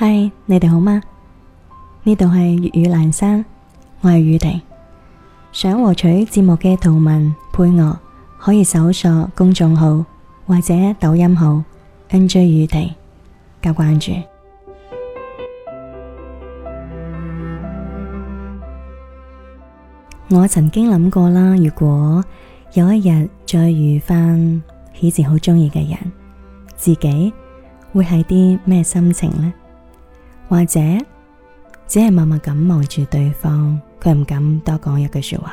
嗨，Hi，你哋好嗎？呢度係粵語闌珊，我係宇婷。想獲取節目嘅圖文配樂，可以搜索公眾號或者抖音號 NJ 宇婷加關注。 我曾經諗過啦，如果有一日再遇翻以前好鍾意嘅人，自己會係啲咩心情呢？或者只係默默咁望住對方，佢唔敢多講一句說話；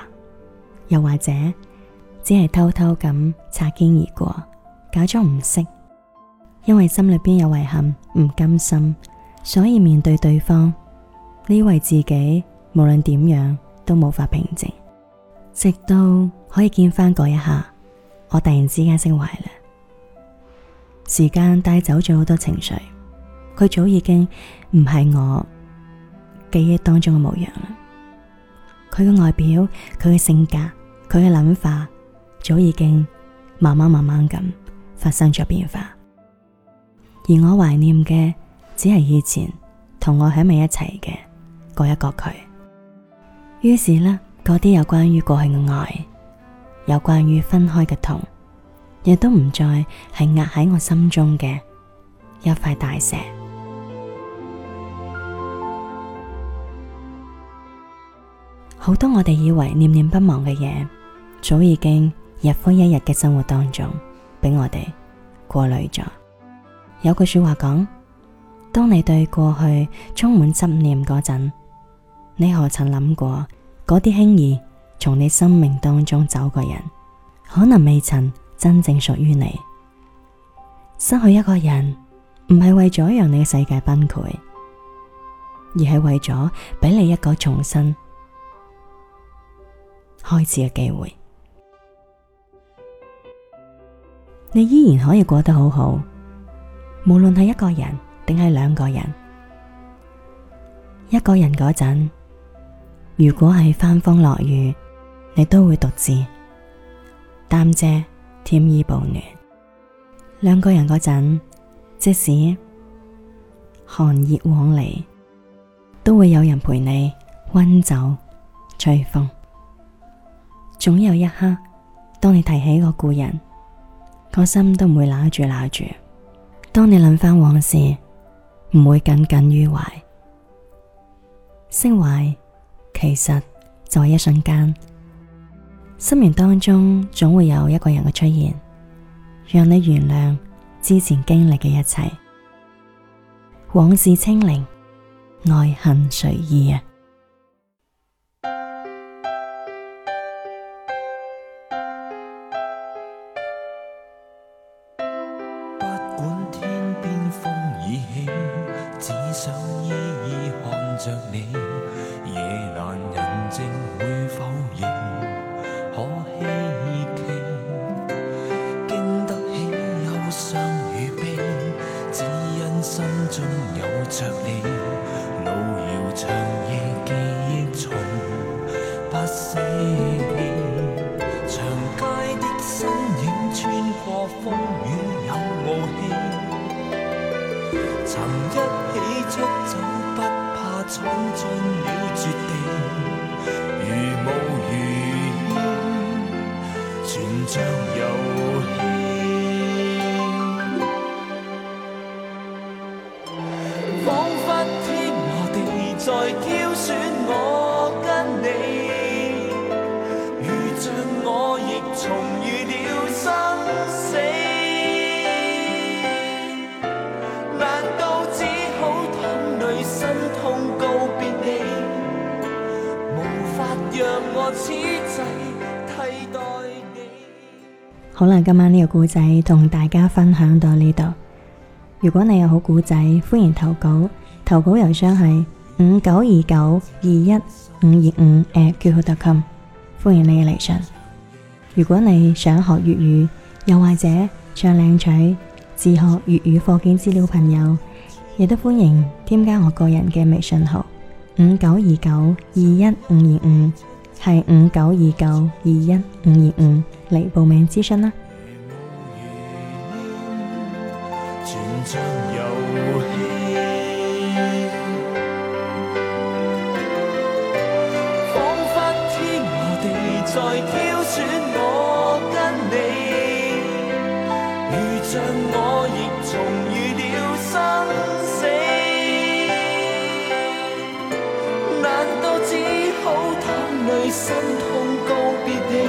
又或者只係偷偷咁擦肩而過，假裝唔識，因為心裏邊有遺憾，唔甘心，所以面對對方我以為自己，無論點樣都無法平靜，直到可以見翻嗰一下，我突然之間釋懷啦。時間帶走咗好多情緒。佢早已經唔係我記憶當中嘅模樣。佢嘅外表，佢嘅性格，佢嘅諗法，早已經慢慢慢慢咁發生咗變化。而我懷念嘅，只係以前同我喺埋一齊嘅嗰一個佢。於是呢，嗰啲有關於過去嘅愛，有關於分開嘅痛，亦都唔再係壓喺我心中嘅一塊大石。好多我哋以為念念不忘嘅嘢，早已經日復一日嘅生活當中，俾我哋過濾咗。有句說話講：當你對過去充滿執念嗰陣，你何曾諗過嗰啲輕易從你生命當中走過人，可能未曾真正屬於你。失去一個人，唔係為咗讓你嘅世界崩潰，而係為咗俾你一個重生開始嘅機會，你依然可以過得好好。無論係一個人定係兩個人，一個人嗰陣，如果係翻風落雨，你都會獨自擔遮，添衣保暖；兩個人嗰陣，即使寒熱往嚟，都會有人陪你溫酒、吹風。總有一刻，當你提起一個故人，個心都唔會攋住攋住。當你諗返往事，唔會耿耿於懷。釋懷其實就係一瞬間，生命當中總會有一個人嘅出現，讓你原諒之前經歷嘅一切，往事清零，愛恨隨意啊！想依依看着你。在挑選我跟你，如像我亦重遇了生死，難道只好淌淚心痛告別你？無法讓我痴醉替代你。好啦，今晚呢個故仔同大家分享到呢度。如果你有好故仔，歡迎投稿，投稿郵箱係。五九二九二一五二五，誒，叫好特琴，com，歡迎你嘅嚟信。如果你想學粵語，又或者想領取自學粵語課件資料，朋友亦都歡迎添加我個人嘅微信號五九二九二一五二五，係五九二九二一五二五嚟報名諮詢啦。像我亦重遇了生死，難道只好淌淚心痛告別你，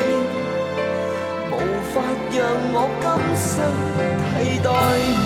無法讓我今生替代。